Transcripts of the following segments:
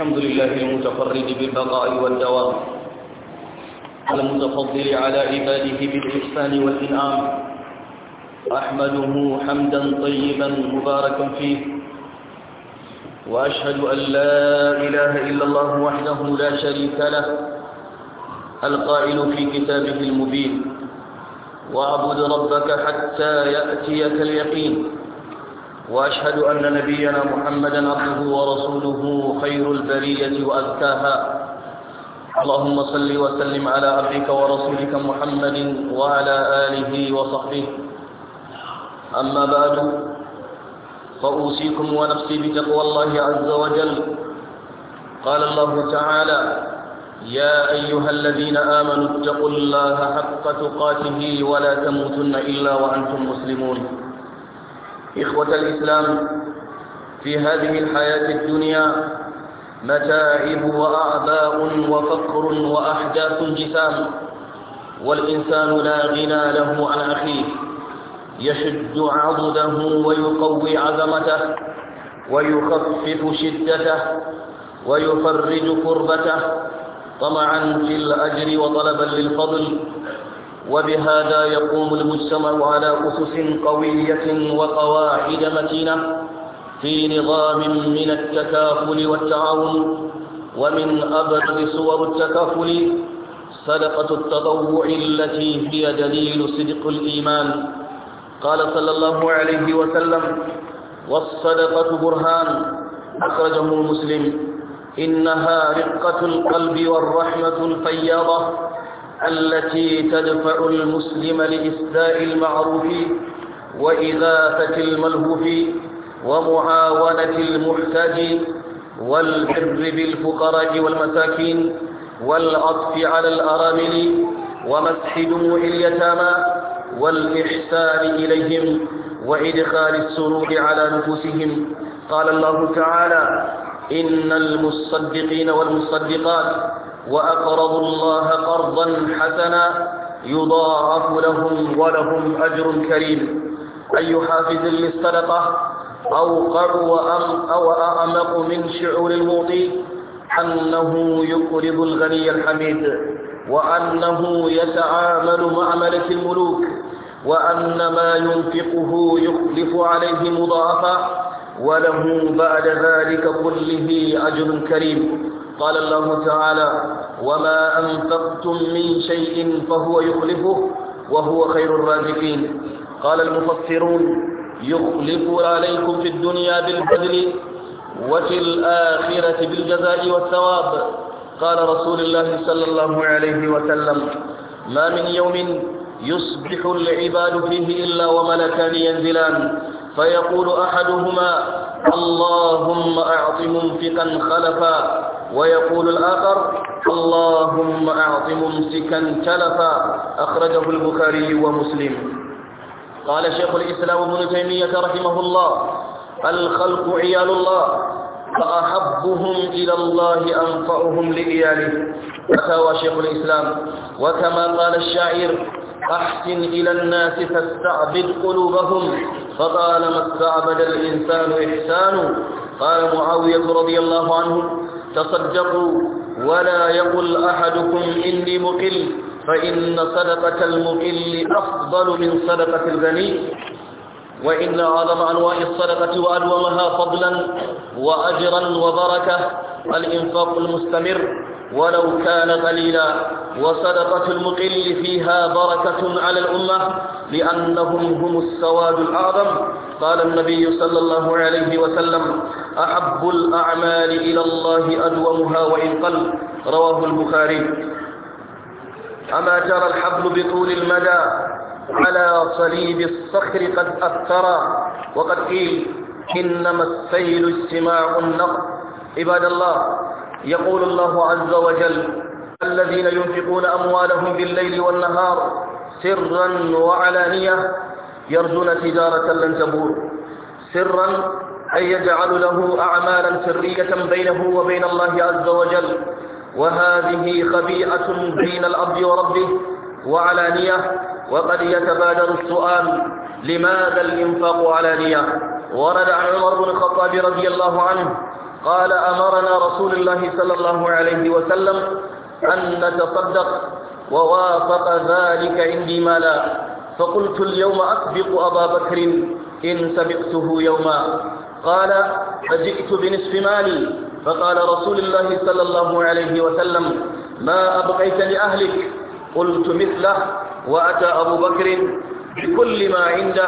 الحمد لله المتفرد بالبقاء والدوام المتفضل على عباده بالإحسان والإنعام أحمده حمدا طيبا مباركا فيه وأشهد أن لا إله إلا الله وحده لا شريك له القائل في كتابه المبين واعبد ربك حتى يأتيك اليقين وأشهد أن نبينا محمدا عبده ورسوله خير البرية وأزكاها اللهم صل وسلم على عبدك ورسولك محمد وعلى آله وصحبه أما بعد فأوصيكم ونفسي بتقوى الله عز وجل قال الله تعالى يا أيها الذين آمنوا اتقوا الله حق تقاته ولا تموتن إلا وأنتم مسلمون إخوة الإسلام في هذه الحياة الدنيا متاعب وأعباء وفقر وأحداث جسام والإنسان لا غنى له عن أخيه يشد عضده ويقوي عظمته ويخفف شدته ويفرج كربته طمعا في الأجر وطلبا للفضل وبهذا يقوم المجتمع على أسس قوية وقواعد متينة في نظام من التكافل والتعاون ومن أبرز صور التكافل صدقة التطوع التي هي دليل صدق الإيمان قال صلى الله عليه وسلم والصدقة برهان أخرجه مسلم إنها رقة القلب والرحمة الفياضة التي تدفع المسلم لإسداء المعروف وإغاثة الملهوف ومعاونة المحتاج والبر بالفقراء والمساكين والعطف على الأرامل ومسح دموع اليتامى والإحسان إليهم وإدخال السرور على نفوسهم قال الله تعالى إن المصدقين والمصدقات وأقرضوا الله قرضا حسنا يضاعف لهم ولهم أجر كريم أي حافز للصدقة أوقر وأم أو أعمق من شعور الموطي أنه يقرض الغني الحميد وأنه يتعامل مع ملك الملوك وأن ما ينفقه يخلف عليه مضاعفا وله بعد ذلك كله أجر كريم قال الله تعالى وما أنفقتم من شيء فهو يخلفه وهو خير الرازقين قال المفسرون يخلف عليكم في الدنيا بالبذل وفي الآخرة بالجزاء والثواب قال رسول الله صلى الله عليه وسلم ما من يوم يصبح العباد فيه إلا وملكان ينزلان فيقول أحدهما اللهم أعط منفقا خلفا ويقول الآخر اللهم أعط ممسكا تلفا أخرجه البخاري ومسلم قال شيخ الإسلام ابن تيمية رحمه الله الخلق عيال الله فأحبهم إلى الله أنفعهم لعياله فتاوى شيخ الإسلام وكما قال الشاعر أحسن إلى الناس فاستعبد قلوبهم فطالما استعبد الإنسان إحسانه قال معاوية رضي الله عنه تصدقوا ولا يقل أحدكم إني مقل فإن صدقة المقل أفضل من صدقة الغني وإن أعظم أنواع الصدقة وأدومها فضلا وأجرا وبركة الإنفاق المستمر ولو كان قليلا وصدقة المقل فيها بركة على الأمة لأنهم هم السواد الأعظم قال النبي صلى الله عليه وسلم أحب الأعمال إلى الله أدومها وإن قل رواه البخاري أما جرى الحبل بطول المدى على صليب الصخر قد أثرا وقد قيل إنما السيل اجتماع النقد عباد الله يقول الله عز وجل الذين ينفقون أموالهم بالليل والنهار سرا وعلانية يرجون تجارة لن تبور سرا أن يجعل له أعمالا سرية بينه وبين الله عز وجل وهذه خبيئة بين الأرض وربه وعلانية وقد يتبادر السؤال لماذا الإنفاق على نية ورد عن عمر بن الخطاب رضي الله عنه قال أمرنا رسول الله صلى الله عليه وسلم أن نتصدق ووافق ذلك عندي مالا فقلت اليوم أسبق أبا بكر إن سبقته يوما قال فجئت بنصف مالي فقال رسول الله صلى الله عليه وسلم ما أبقيت لأهلك قلت مثله وأتى أبو بكر بكل ما عنده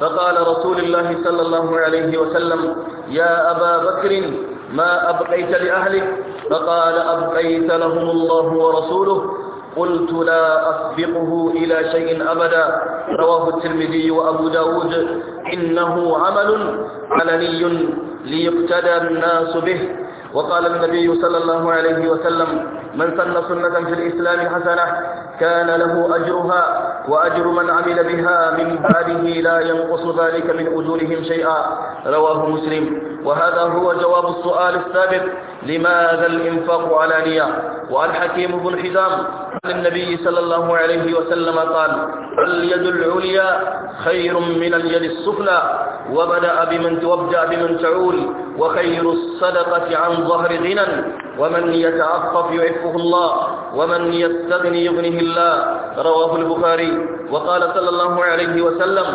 فقال رسول الله صلى الله عليه وسلم يا أبا بكر ما أبقيت لأهلك فقال أبقيت لهم الله ورسوله قلت لا أسبقه إلى شيء أبدا رواه الترمذي وأبو داود إنه عمل علني ليقتدى الناس به وقال النبي صلى الله عليه وسلم من سن سنة في الإسلام حسنة كان له أجرها وأجر من عمل بها من بعده لا ينقص ذلك من أجورهم شيئا رواه مسلم وهذا هو جواب السؤال السابق لماذا الإنفاق على نية وعن حكيم بن حزام عن النبي صلى الله عليه وسلم قال اليد العليا خير من اليد السفلى وبدأ بمن توبدأ بمن تعول وخير الصدقة عن ظهر غنى ومن يتعطف يعفه الله ومن يستغني يغنه الله رواه البخاري وقال صلى الله عليه وسلم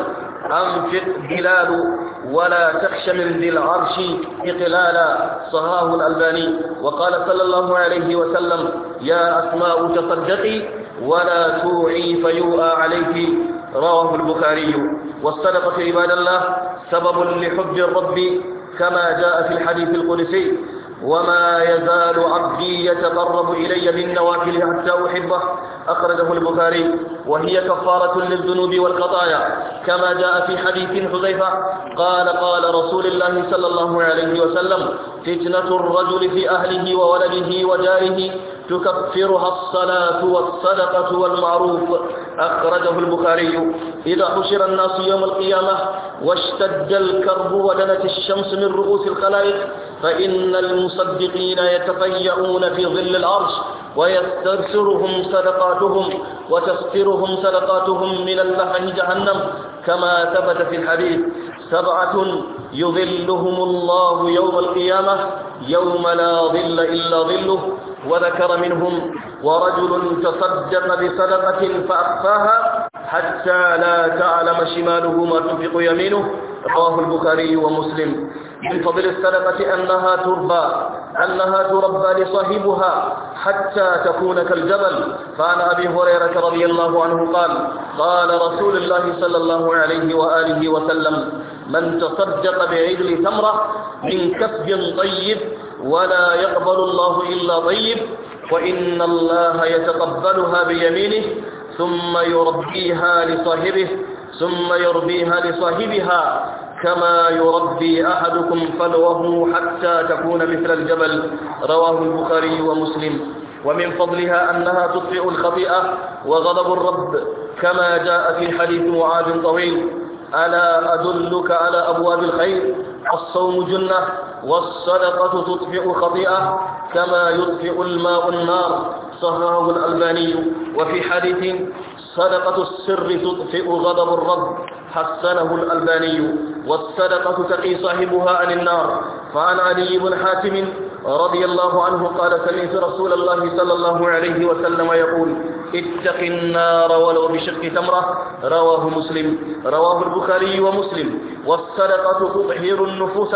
أنفق بلال ولا تخش من ذي العرش إقلالا صهاه الألباني وقال صلى الله عليه وسلم يا أسماء تصدقي ولا توعي فيوءى عليك رواه البخاري والصدقة عباد الله سبب لحب الرب كما جاء في الحديث القدسي وما يزال عبدي يتقرب إلي بالنوافل حتى أحبه أخرجه البخاري وهي كفارة للذنوب والخطايا كما جاء في حديث حذيفة قال قال رسول الله صلى الله عليه وسلم فتنة الرجل في أهله وولده وجاره تكفرها الصلاة والصدقة والمعروف أخرجه البخاري إذا حشر الناس يوم القيامة واشتد الكرب ودنت الشمس من رؤوس الخلائق فإن المصدقين يتفيئون في ظل العرش ويستبصرهم صدقاتهم وتسترهم صدقاتهم من اللحن جهنم كما ثبت في الحديث سبعة يظلهم الله يوم القيامة يوم لا ظل إلا ظله وذكر منهم ورجل تصدق بصدقة فأخفاها حتى لا تعلم شماله ما تنفق يمينه رواه البخاري ومسلم من فضل الصدقة أنها تربى أنها تربى لصاحبها حتى تكون كالجبل فعن أبي هريرة رضي الله عنه قال قال رسول الله صلى الله عليه وآله وسلم من تصدق بعجل ثمرة من كسب طيب ولا يقبل الله إلا طيب وإن الله يتقبلها بيمينه ثم يربيها لصاحبه ثم يربيها لصاحبها كما يربي أحدكم فلوه حتى تكون مثل الجبل رواه البخاري ومسلم ومن فضلها أنها تطفئ الخطيئة وغضب الرب كما جاء في حديث معاذ طويل ألا أدلك على أبواب الخير الصوم جنة والصدقة تطفئ خطيئة كما يطفئ الماء النار صهره الألباني وفي حديث صدقة السر تطفئ غضب الرب حسنه الألباني والصدقة تقي صاحبها عن النار فعن علي بن حاتم رضي الله عنه قال سمعت رسول الله صلى الله عليه وسلم يقول اتق النار ولو بشق تمرة رواه مسلم رواه البخاري ومسلم والصدقة تطهر النفوس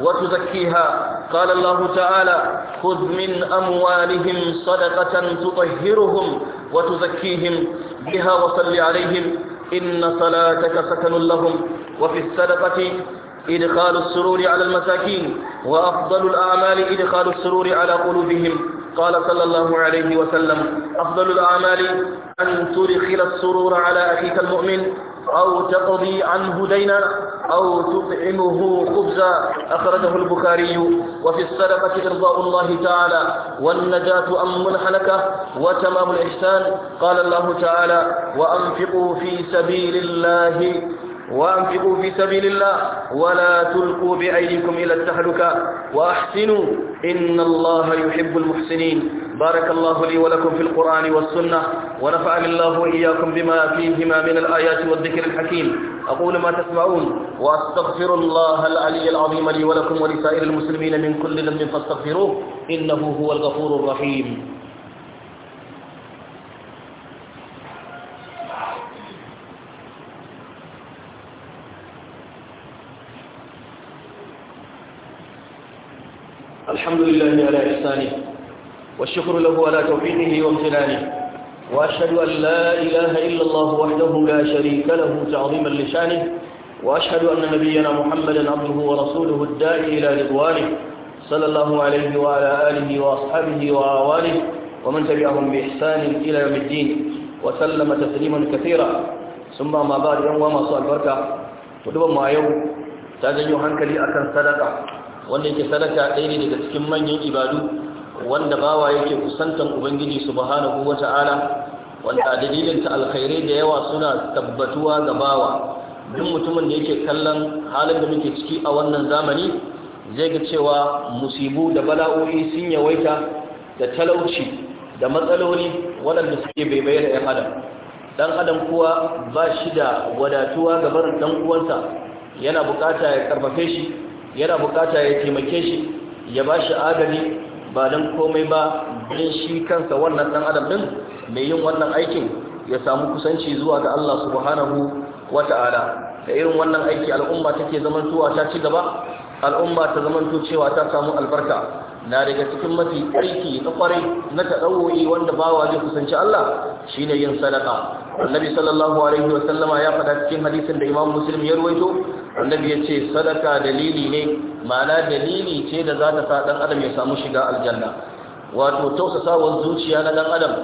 وتزكيها قال الله تعالى خذ من أموالهم صدقة تطهرهم وتزكيهم بها وصل عليهم إن صلاتك سكن لهم وفي الصدقة إدخال السرور على المساكين وأفضل الأعمال إدخال السرور على قلوبهم قال صلى الله عليه وسلم أفضل الأعمال أن تدخل السرور على أخيك المؤمن أو تقضي عنه دينا أو تطعمه خبزا أخرجه البخاري وفي الصدقة إرضاء الله تعالى والنجاة أم الحلكة وتمام الإحسان قال الله تعالى وأنفقوا في سبيل الله وأنفقوا في سبيل الله ولا تلقوا بأيديكم إلى التهلكة وأحسنوا إن الله يحب المحسنين بارك الله لي ولكم في القرآن والسنة ونفعني الله وإياكم بما فيهما من الآيات والذكر الحكيم أقول ما تسمعون وأستغفر الله العلي العظيم لي ولكم ولسائر المسلمين من كل ذنب فاستغفروه إنه هو الغفور الرحيم الحمد لله على إحسانه والشكر له على توحيده وامتنانه وأشهد أن لا إله إلا الله وحده لا شريك له تعظيما لشانه وأشهد أن نبينا محمدا عبده ورسوله الداعي إلى رضوانه صلى الله عليه وعلى آله وأصحابه وآوانه ومن تبعهم بإحسان إلى يوم الدين وسلم تسليما كثيرا ثم ما بعد يوم وما صلى البركة ودوما يوم تجني لي أكن صدقة wanda yake sadaka ɗaya ne daga cikin manyan ibadu wanda bawa yake kusantan ubangiji subhanahu ta'ala wanda dalilin ta alkhairai da yawa suna tabbatuwa ga bawa duk mutumin da yake kallon halin da muke ciki a wannan zamani zai ga cewa musibu da bala'o'i sun yawaita da talauci da matsaloli waɗanda suke baibaye da ya hada dan adam kuwa ba shi da wadatuwa ga barin dan uwansa yana bukata ya karfafe shi yana bukata ya taimake shi ya ba shi agaji ba don komai ba don shi kansa wannan ɗan adam ɗin mai yin wannan aikin ya samu kusanci zuwa ga Allah subhanahu wa ta'ala da irin wannan aiki al'umma take zamantowa ta ci gaba al'umma ta zamanto cewa ta samu albarka na daga cikin mafi aiki na kwarai na taɗawoyi wanda bawa zai kusanci Allah shine yin sadaka annabi sallallahu alaihi wasallama ya faɗa cikin hadisin da imam muslim ya ruwaito annabi ya ce sadaka dalili ne ma'ana dalili ce da za ta sa ɗan adam ya samu shiga aljanna wato tausasawar zuciya na ɗan adam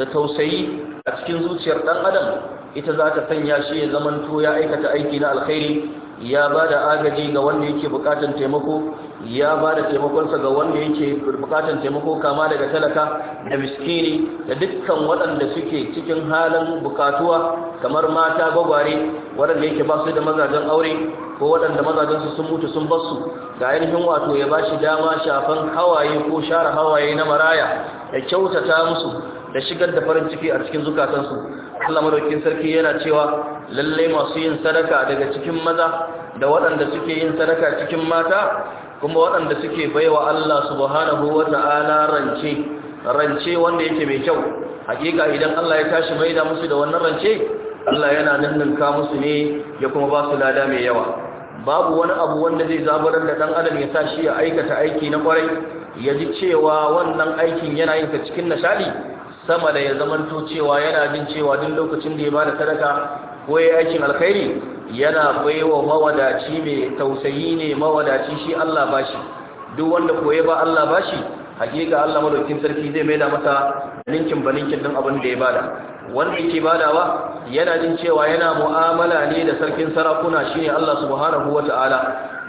da tausayi a cikin zuciyar ɗan adam ita za ta sanya shi ya zamanto ya aikata aiki na alkhairi ya ba da agaji ga wanda yake bukatan taimako ya ba da taimakonsa ga wanda yake bukatan taimako kama daga talaka da miskini da dukkan waɗanda suke cikin halin bukatuwa kamar mata gwagware waɗanda yake ba su da mazajen aure ko waɗanda mazajensu sun mutu sun basu ga ainihin wato ya ba shi dama shafan hawaye ko share hawaye na maraya ya kyautata musu da shigar da farin ciki a cikin zukatansu Allah madaukin sarki yana cewa Lallai masu yin sadaka daga cikin maza da waɗanda suke yin sadaka cikin mata kuma waɗanda suke baiwa Allah subhanahu ta'ala rance rance wanda yake mai kyau hakika idan Allah ya tashi mai da musu da wannan rance Allah yana nannanka musu ne ya kuma ba su lada mai yawa babu wani abu wanda zai zabarar da dan adam ya tashi ya aikata aiki na kwarai ya ji cewa wannan aikin yana yin ka cikin nishadi sama da ya zamanto cewa yana jin cewa duk lokacin da ya bada sadaka ko ya aikin alkhairi yana baiwa mawadaci mai tausayi ne mawadaci shi Allah bashi duk wanda koye ba Allah bashi hakika Allah madaukin sarki zai maida masa ninkin ninkin din abin da ya bada wanda yake badawa yana jin cewa yana mu'amala ne da sarkin sarakuna shine Allah subhanahu wataala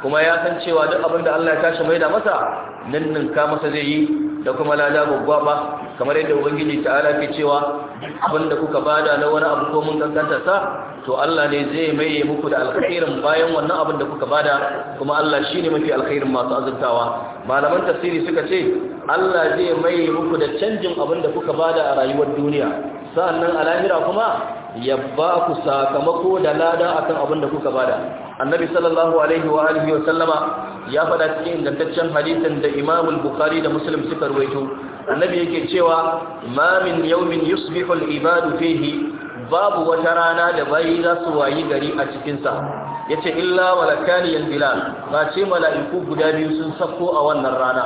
kuma ya san cewa duk abin da Allah ya tashi mai da masa nan nan ka masa zai yi da kuma lada babba ba kamar yadda ubangiji ala ke cewa abin da kuka bada na wani abu ko mun kankanta sa to Allah ne zai mai yi muku da alkhairin bayan wannan abin da kuka bada kuma Allah shine mafi alkhairin masu azurtawa malaman tafsiri suka ce Allah zai mai yi muku da canjin abin da kuka bada a rayuwar duniya sa'annan a lahira kuma ya ba ku sakamako da lada akan abin da kuka bada annabi sallallahu alaihi wa alihi wa sallama ya faɗa cikin ingantaccen hadisin da imam al-bukhari da muslim suka ruwaito annabi yake cewa ma min yawmin yusbihu al-ibadu fihi babu wata rana da bayi za su wayi gari a cikin sa yace illa malakani al-bilal ba ce mala'iku guda biyu sun sako a wannan rana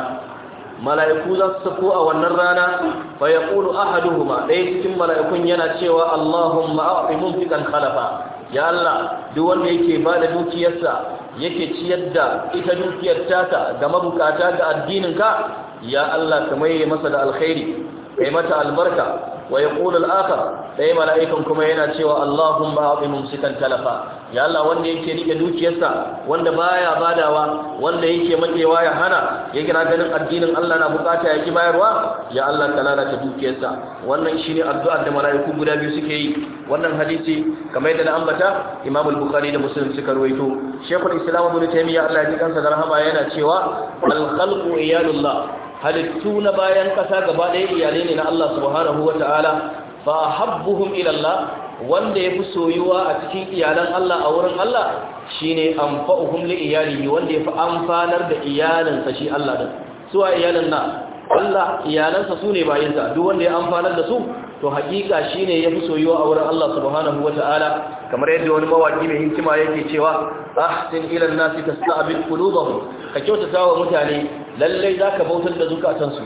mala'iku za su sako a wannan rana fa yaqulu ahaduhuma Ɗaya cikin mala'ikun yana cewa Allahumma a'ti mumtikan khalafa ya Allah duk wanda yake ba da dukiyarsa yake ciyar da ita dukiyar tata ga mabukata ga addininka ya Allah ka maye masa da alkhairi kai mata albarka wa yaqulu al-akhar sai mala'ikan kuma yana cewa Allahumma a'ti mumsikan talafa ya Allah wanda yake rike dukiyarsa wanda baya badawa wanda yake makewa ya hana ya kira ganin addinin Allah na bukata yake bayarwa ya Allah ka lalata dukiyarsa wannan shine addu'ar da mala'iku guda biyu suke yi wannan hadisi kamar yadda na ambata Imam al-Bukhari da Muslim suka rawaito Sheikhul Islam Ibn Taymiyyah Allah ya kansa da rahama yana cewa al-khalqu iyalullah halittu na bayan ƙasa gaba ɗaya iyalai ne na Allah subhanahu wa ta'ala fa habbuhum ila Allah wanda fi soyuwa a cikin iyalan Allah a wurin Allah shi ne shine anfa'uhum li iyalihi wanda ya fi amfanar da iyalansa shi Allah din su a iyalan na Allah iyalansa su ne bayinsa duk wanda ya amfanar da su to hakika ya fi soyuwa a wurin Allah subhanahu wataala kamar yadda wani mawaki mai hikima yake cewa ahsin ila an-nasi abin qulubahum ka kyautata wa mutane lallai za ka bautar da zukatansu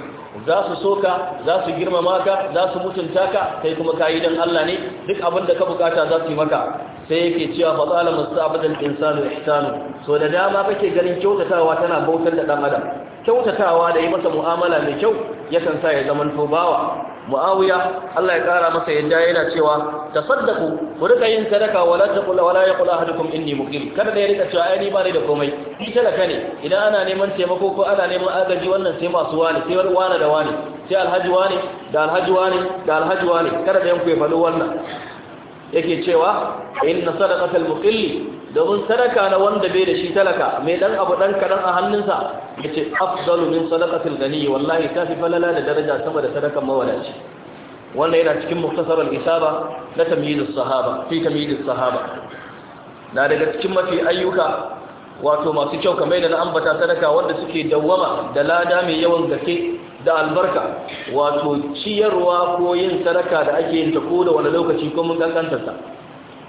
za su so ka, za su girmama ka za su mutunta ka kai kuma kayi don Allah ne duk abin da ka bukata za su yi maka sai yake cewa ba tsala mustaqbalan insanu ihsanu so da dama kake ganin kyautatawa tana bautar da ɗan adam kyautatawa da yi masa mu'amala mai kyau yakan sa ya zama bawa muawiya Allah ya kara masa yadda yana cewa tasaddaku ku rika yin sadaka wala taqul wala yaqul ahadukum inni muqim kada da ya rika cewa ai ni ba ni da komai ni talaka ne idan ana neman taimako ko ana neman agaji wannan sai masu wani sai wani da wani sai alhaji wani da alhaji wani da alhaji wani kada da yanku ya faɗo wannan yake cewa inna sadaqatal muqilli domin sadaka na wanda bai da shi talaka mai dan abu dan kadan a hannunsa yace afdalu min sadaqatil ghani wallahi tafi falala da daraja sama da sadakan mawalaci wannan yana cikin muktasar al-isaba na tamyiz sahaba fi sahaba na daga cikin mafi ayyuka wato masu kyau kamar da na ambata sadaka wanda suke dawwama da lada mai yawan gaske da albarka wato ciyarwa ko yin sadaka da ake yin ta ko da wani lokaci ko mun kankantar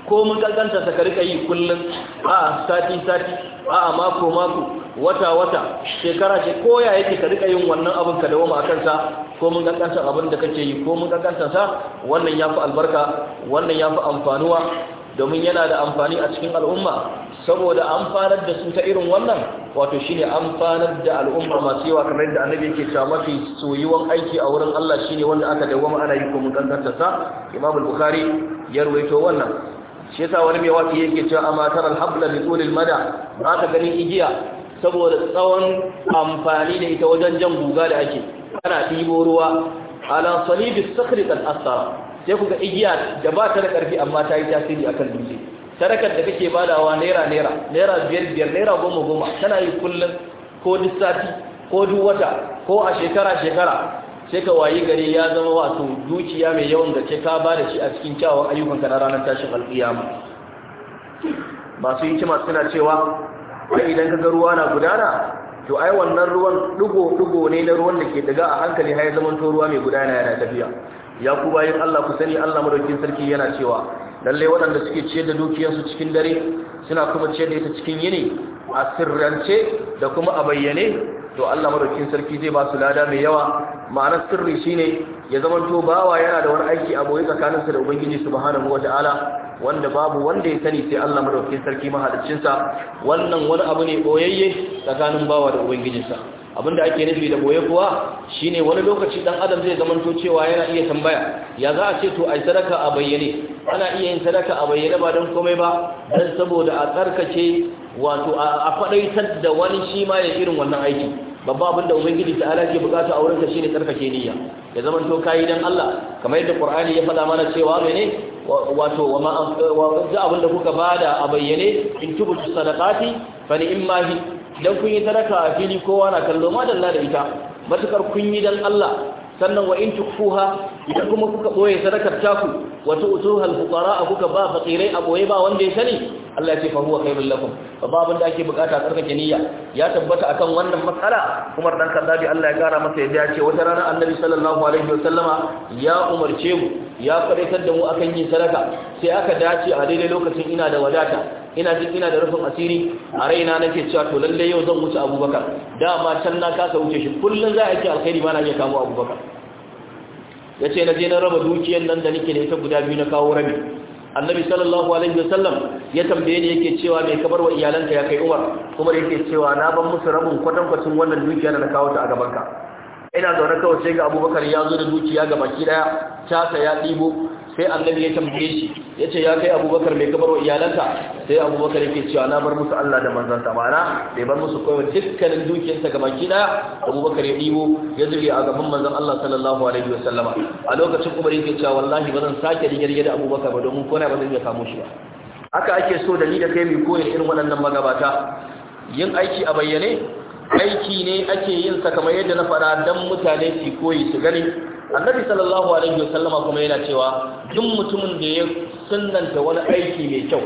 ko mun kankanta ta ka rika yi kullum a sati sati a mako mako wata wata shekara ce ko ya yake ka rika yin wannan abin ka dawo akan sa ko mun kankanta abin da kake yi ko mun kankanta sa wannan yafi albarka wannan yafi amfanuwa domin yana da amfani a cikin al'umma saboda amfanar da su ta irin wannan wato shine amfanar da al'umma masu yawa kamar da annabi yake sa mafi soyuwan aiki a wurin Allah shine wanda aka dawwama ana yi ko mun kankanta sa Imam Bukhari ya ruwaito wannan shi yasa wani mai waki yake cewa amma taral habla bi tulil mada ba ta ganin igiya saboda tsawon amfani da ita wajen jan guga da ake ana ɗibo ruwa ala salibis sakhri kan asara sai ku ga igiya da ba ta da ƙarfi amma ta yi tasiri akan dutse sadakar da kake badawa naira naira naira biyar biyar naira goma goma tana yi kullum ko duk sati ko duk wata ko a shekara shekara sai ka wayi gare ya zama wato dukiya mai yawan da ce ka bada shi a cikin kyawun ka na ranar tashin alƙiyama masu hikima suna cewa ai idan ka ga ruwa na gudana to ai wannan ruwan dugo dugo ne na ruwan da ke daga a hankali har ya zama to ruwa mai gudana yana tafiya ya ku bayin Allah ku sani Allah madaukin sarki yana cewa lalle waɗanda suke ciyar da dukiyarsu cikin dare suna kuma ciyar da ita cikin yini a sirrance da kuma a bayyane to Allah madaukin sarki zai ba su lada mai yawa ma'anar sirri shine ya zama to bawa yana da wani aiki a boye tsakaninsa da ubangiji subhanahu wataala wanda babu wanda ya sani sai Allah madaukin sarki mahaliccin sa wannan wani abu ne boyayye tsakanin bawa da ubangijinsa abinda ake nufi da boye kuwa shine wani lokaci dan adam zai zama to cewa yana iya tambaya ya za a ce to ai sadaka a bayyane ana iya yin sadaka a bayyane ba dan komai ba dan saboda a tsarkake wato a faɗaitar da wani shi ma ya irin wannan aiki babba abin da ubangiji ta ala ke bukata ta shi ne tsarkake niyya ya zama to kayi dan Allah kamar yadda Qur'ani ya faɗa mana cewa mene wato wa ma abin da kuka bada a bayyane in tubu sadaqati fa ni imma hi dan kun yi sadaka a fili kowa na kallo ma dalla da ita matukar kun yi dan Allah sannan wa in tukfuha idan kuma kuka boye sadakar taku wa tu'tuha al-fuqara kuka ba fakirai a boye ba wanda ya sani Allah ya ce fa huwa khairul lakum babban da ake bukata tsarkake niyya ya tabbata akan wannan matsala Umar dan Kaddabi Allah ya kara masa yadda ya ce wata rana Annabi sallallahu alaihi wasallama ya umarce mu ya faraitar da mu akan yin sadaka sai aka dace a daidai lokacin ina da wadata ina jin ina da rufin asiri a raina nake cewa to lalle yau zan wuce abubakar dama can na kasa wuce shi kullun za a yi alkhairi na iya kamo abubakar ya ce na je na raba dukiyar nan da nake da ita guda biyu na kawo rami. annabi sallallahu alaihi wasallam ya tambaye ni yake cewa mai kabar wa iyalanka ya kai umar kuma yake cewa na ban musu rabin kwatankwacin wannan dukiya da na kawo ta a gabanka. ina zaune kawai sai ga abubakar ya zo da dukiya ga baki daya tasa ya ɗibo sai annabi ya tambaye shi ya ce ya kai abubakar mai wa iyalanta. sai abubakar yake cewa na bar musu Allah da manzansa mana bai bar musu kawai dukkanin dukiyarsa ga baki daya abubakar ya ɗibo ya zuri a gaban manzan Allah sallallahu alaihi wa sallama a lokacin umar yake cewa wallahi ba zan sake rigar da abubakar ba domin kona ba zan iya kamo shi ba haka ake so da ni da kai mai koyar irin waɗannan magabata yin aiki a bayyane aiki ne ake yin sa kamar yadda na faɗa don mutane su koyi su gani annabi sallallahu alaihi wa sallama kuma yana cewa duk mutumin da ya sunnanta wani aiki mai kyau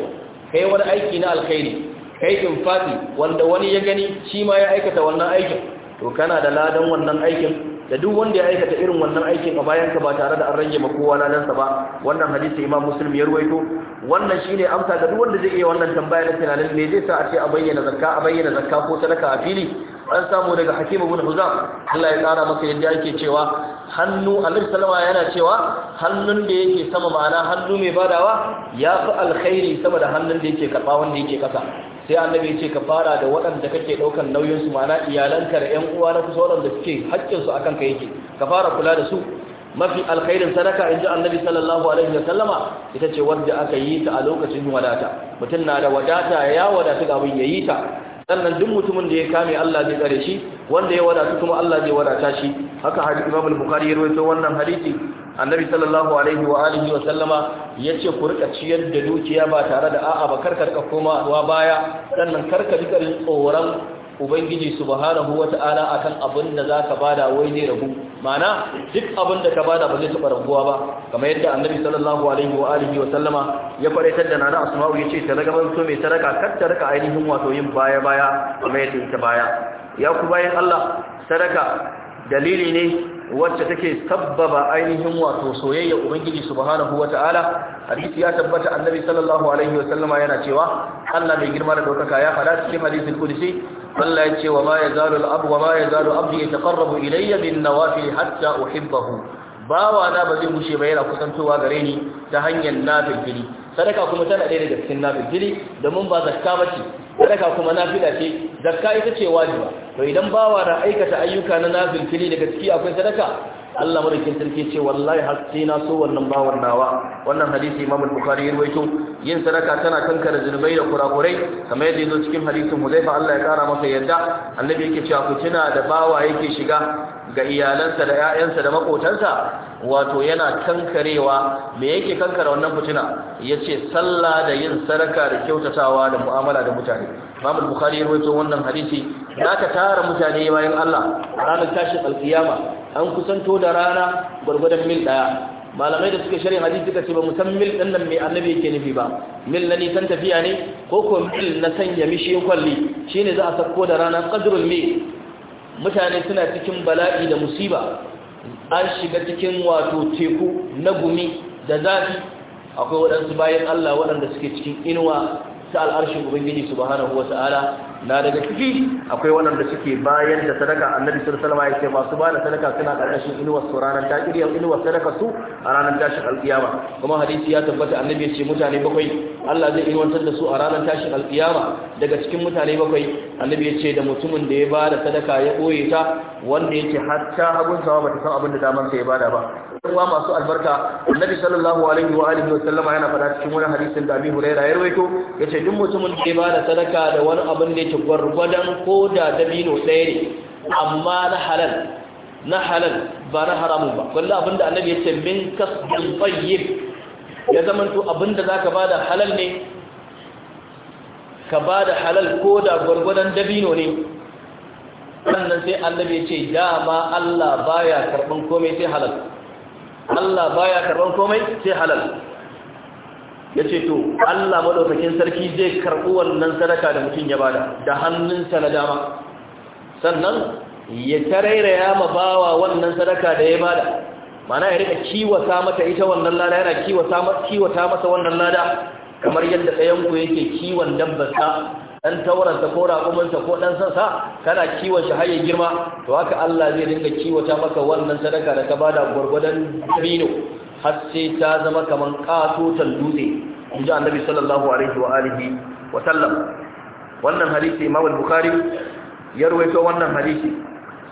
kai wani aiki na alkhairi kai infati wanda wani ya gani shi ma ya aikata wannan aikin to kana da ladan wannan aikin da duk wanda ya aikata irin wannan aikin a bayan ka ba tare da an rage ma kowa ladansa ba wannan hadisi Imam Muslim ya ruwaito wannan shine amsa ga duk wanda zai iya wannan tambaya na tunanin me zai sa a ce a bayyana zakka a bayyana zakka ko sadaka a fili an samu daga hakim abu da Allah ya tsara maka yadda ake cewa hannu annabi Salama yana cewa hannun da yake sama ma'ana hannu mai badawa ya fi alkhairi sama da hannun da yake karɓa wanda yake kasa sai annabi ya ce ka fara da waɗanda kake ɗaukan nauyin su ma'ana iyalanka da ƴan uwa na kusa waɗanda suke haƙƙin su akan ka yake ka fara kula da su mafi alkhairin sadaka in ji annabi sallallahu alaihi wa sallama ita ce wadda aka yi ta a lokacin wadata mutum na da wadata ya wadata ga abin ya yi ta sannan duk mutumin da ya kame Allah zai kare shi wanda ya wadatu kuma Allah zai wadata shi haka hadisi Imam Bukhari ya rawaito wannan hadisi Annabi sallallahu alaihi wa alihi wa sallama yace ku rika ciyar da dukiya ba tare da a'a ba karkar ka koma wa baya sannan karka rika tsoran ubangiji subhanahu wata'ala akan abin da zaka bada wai zai rabu mana duk abin da ka bada ba zai taba raguwa ba kamar yadda annabi sallallahu alaihi wa alihi wa sallama ya faraitar da nana asma'u ce ta daga so mai saraka kar ta raka ainihin wato yin baya baya kamar yadda baya ya ku bayan Allah sadaka dalili ne wacce take sabbaba ainihin wato soyayya ubangiji subhanahu wata'ala hadisi ya tabbata annabi sallallahu alaihi wasallama yana cewa Allah mai girma da daukaka ya fada cikin hadisin qudsi Allah ya ce wa ma yazalu al-abdu wa ma yazalu abdi yataqarrabu ilayya bin nawafil hatta uhibbahu bawa ba zai bushe ba yana kusantowa gare ni ta hanyar nafil sadaka kuma tana ɗaya daga cikin nafil domin ba zakka bace sadaka kuma nafila ce zakka ita ce wajiba to idan bawa na aikata ayyuka na nafil daga ciki akwai sadaka Allah madaukin sarki ce wallahi har sai na so wannan bawan nawa wannan hadisi Imam al-Bukhari ya rawaito yin sadaka tana kankara zunubai da kurakurai kamar yadda yazo cikin hadisin Hudayfa Allah ya kara masa yadda annabi yake cewa ku tuna da bawa yake shiga ga iyalansa da 'ya'yansa da makotansa wato yana kankarewa me yake kankara wannan fitina ce sallah da yin sadaka da kyautatawa da mu'amala da mutane Imam Bukhari ya rawaito wannan hadisi zaka tara mutane bayan Allah ranar tashin alkiyama an kusanto da rana gurgurdan mil daya malamai da suka shari'a hadisi suka ce ba musan mil din nan mai annabi yake nufi ba mil na nisan tafiya ne ko ko mil na sanya mishi kwalli shine za a sako da ranar qadrul mil mutane suna cikin bala'i da musiba an shiga cikin wato teku na gumi da zafi akwai waɗansu bayan Allah waɗanda suke cikin inuwa ta al'arshin ubangiji subhanahu wata'ala na daga ciki akwai waɗanda suke bayan da sadaka annabi sallallahu alaihi wasallam masu ba da sadaka suna ƙarƙashin inuwar su ranar takiriyar inuwar sadaka su a ranar tashin alƙiyama kuma hadisi ya tabbata annabi ya ce mutane bakwai Allah zai iwantar da su a ranar tashin alkiyama daga cikin mutane bakwai annabi ya ce da mutumin da ya bada sadaka ya boye ta wanda ce hatta abin sawa bata san abin da daman sa ya bada ba kuma masu albarka annabi sallallahu alaihi wa alihi wa sallama yana faɗa cikin wani hadisin da Abi Hurairah ya rawaito yace duk mutumin da ya bada sadaka da wani abin da yake gwargwadon ko da dabino ɗaya ne amma na halal na halal ba na haramun ba kullu abin da annabi ya ce min kasbin tayyib ya zamanto abinda zaka bada halal ne ka bada halal ko da gwargwadon dabino ne sannan sai allah ya ce dama Allah baya karban komai sai halal Allah baya karban komai sai halal yace to Allah madaukakin sarki zai karɓi wannan sadaka da mutum ya bada da hannunsa na dama sannan ya tarairaya ma bawa wannan sadaka da ya bada mana ya rika kiwata mata ita wannan lada yana kiwata mata kiwata mata wannan lada kamar yadda ɗayan ku yake kiwon dabbarsa dan tauran ta ko raƙumin ta ko dan sansa kana kiwon shi har ya girma to haka Allah zai dinga kiwata maka wannan sadaka da ka bada gurgurdan dabino har sai ta zama kaman katotan dutse inji annabi sallallahu alaihi wa alihi wa sallam wannan hadisi Imam al-Bukhari ya ruwaito wannan hadisi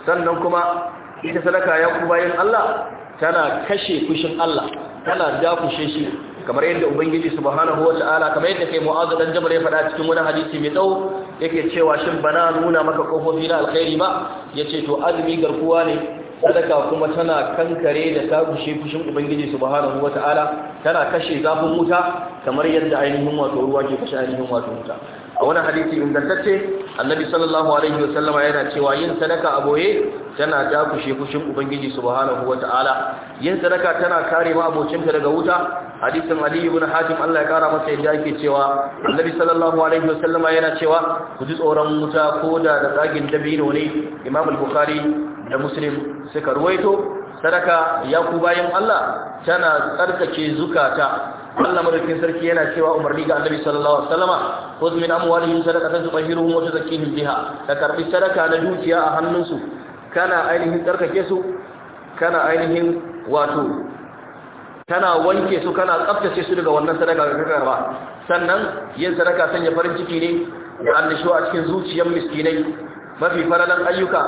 sannan kuma ita sadaka ya kuma yin Allah tana kashe kushin Allah tana dakushe shi kamar yadda ubangiji subhanahu wataala kamar yadda kai mu'azu dan jabal ya faɗa cikin wani hadisi mai tsawo yake cewa shin bana nuna maka kofofi na alkhairi ba yace to azumi garkuwa ne sadaka kuma tana kankare da tagushe fushin ubangiji subhanahu wataala tana kashe zafin wuta kamar yadda ainihin wato ruwa ke kashe ainihin wato wuta a wani hadisi ingantacce annabi sallallahu alaihi wasallama yana cewa yin sadaka a boye tana dakushe fushin ubangiji subhanahu wataala yin sadaka tana kare ma abocinta daga wuta hadisin ali ibn hatim Allah ya kara masa yadda yake cewa annabi sallallahu alaihi wasallama yana cewa ku ji tsoron wuta ko da da tsagin dabino ne imam al-bukhari da muslim suka ruwaito sadaka ya ku bayan Allah tana tsarkake zukata Allah madaukakin sarki yana cewa umarni ga Annabi sallallahu alaihi wasallama khudh min amwalihim sadaqatan tutahhiruhum wa tuzakkihim biha ka karbi sadaka na dukiya a hannunsu kana ainihin tsarkake su kana ainihin wato kana wanke su kana tsaftace su daga wannan sadaka da karba sannan yin sadaka sanya farin ciki ne da annashuwa cikin zuciyar miskinai mafi faralan ayyuka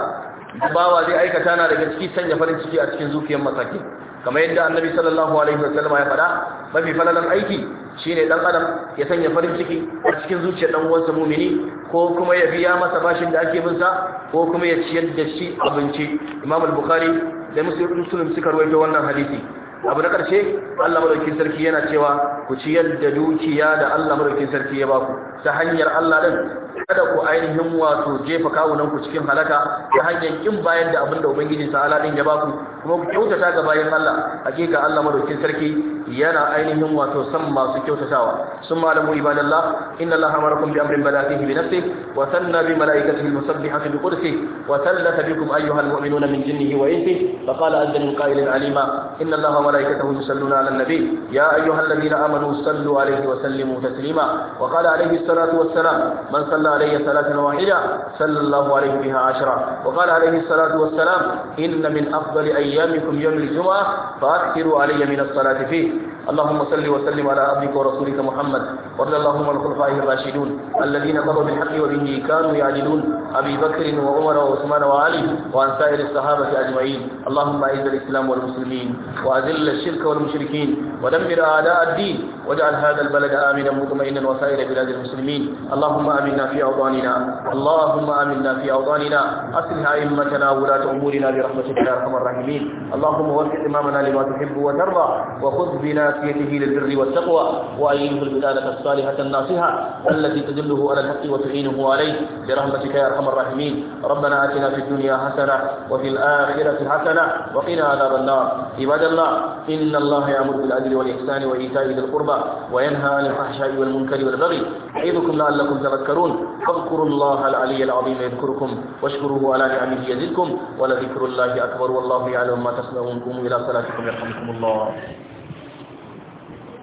bawa zai aikata na daga ciki sanya farin ciki a cikin zuciyar masaki kamar yadda annabi sallallahu alaihi wasallam ya faɗa mafi falalan aiki shine dan adam ya sanya farin ciki a cikin zuciyar dan uwansa mumini ko kuma ya biya masa bashin da ake minsa ko kuma ya ciyar da shi abinci imam al-bukhari da muslim suka rawaito wannan hadisi abu na karshe Allah madaukakin sarki yana cewa ku ciyar da dukiya da Allah madaukakin sarki ya baku ta hanyar Allah din kada ku ainihin wato jefa kawunan ku cikin halaka ta hanyar kin bayan da abin da ubangiji ta'ala din ya ba ku kuma ku kyautata ga bayan Allah hakika Allah madaukin sarki yana ainihin wato san masu kyautatawa sun malamu ibadallah inna Allah amarakum bi amrin bada fihi bi nafsi wa sanna bi malaikatihi musabbihati bi qudsi wa sallata bikum ayyuha almu'minuna min jinnihi wa insi fa qala azza min qailin alima inna Allah wa malaikatahu yusalluna ala an-nabi ya ayyuha alladhina amanu sallu alayhi wa sallimu taslima wa qala alayhi salatu wassalam man salla صلى علي صلاة واحدة صلى الله عليه بها عشرة وقال عليه الصلاة والسلام إن من أفضل أيامكم يوم الجمعة فأكثروا علي من الصلاة فيه اللهم صل وسلم على عبدك ورسولك محمد وارض اللهم عن خلفائه الراشدون الذين قضوا بالحق وبه كانوا يعدلون ابي بكر وعمر وعثمان وعلي وعن سائر الصحابه اجمعين اللهم اعز الاسلام والمسلمين واذل الشرك والمشركين ودمر اعداء الدين واجعل هذا البلد امنا مطمئنا وسائر بلاد المسلمين اللهم امنا في اوطاننا اللهم امنا في اوطاننا اصلح ائمتنا ولاة امورنا برحمتك يا ارحم الراحمين اللهم وفق امامنا لما تحب وترضى وخذ بنا آتيته للبر والتقوى وأن ينزل الصالحة الناصحة التي تدله على الحق وتعينه عليه برحمتك يا أرحم الراحمين ربنا آتنا في الدنيا حسنة وفي الآخرة حسنة وقنا عذاب النار عباد الله إن الله يأمر بالعدل والإحسان وإيتاء ذي القربى وينهى عن الفحشاء والمنكر والبغي يعظكم لعلكم تذكرون فاذكروا الله العلي العظيم يذكركم واشكروه على نعمه يزدكم ولذكر الله أكبر والله يعلم ما تصنعون قوموا إلى صلاتكم يرحمكم الله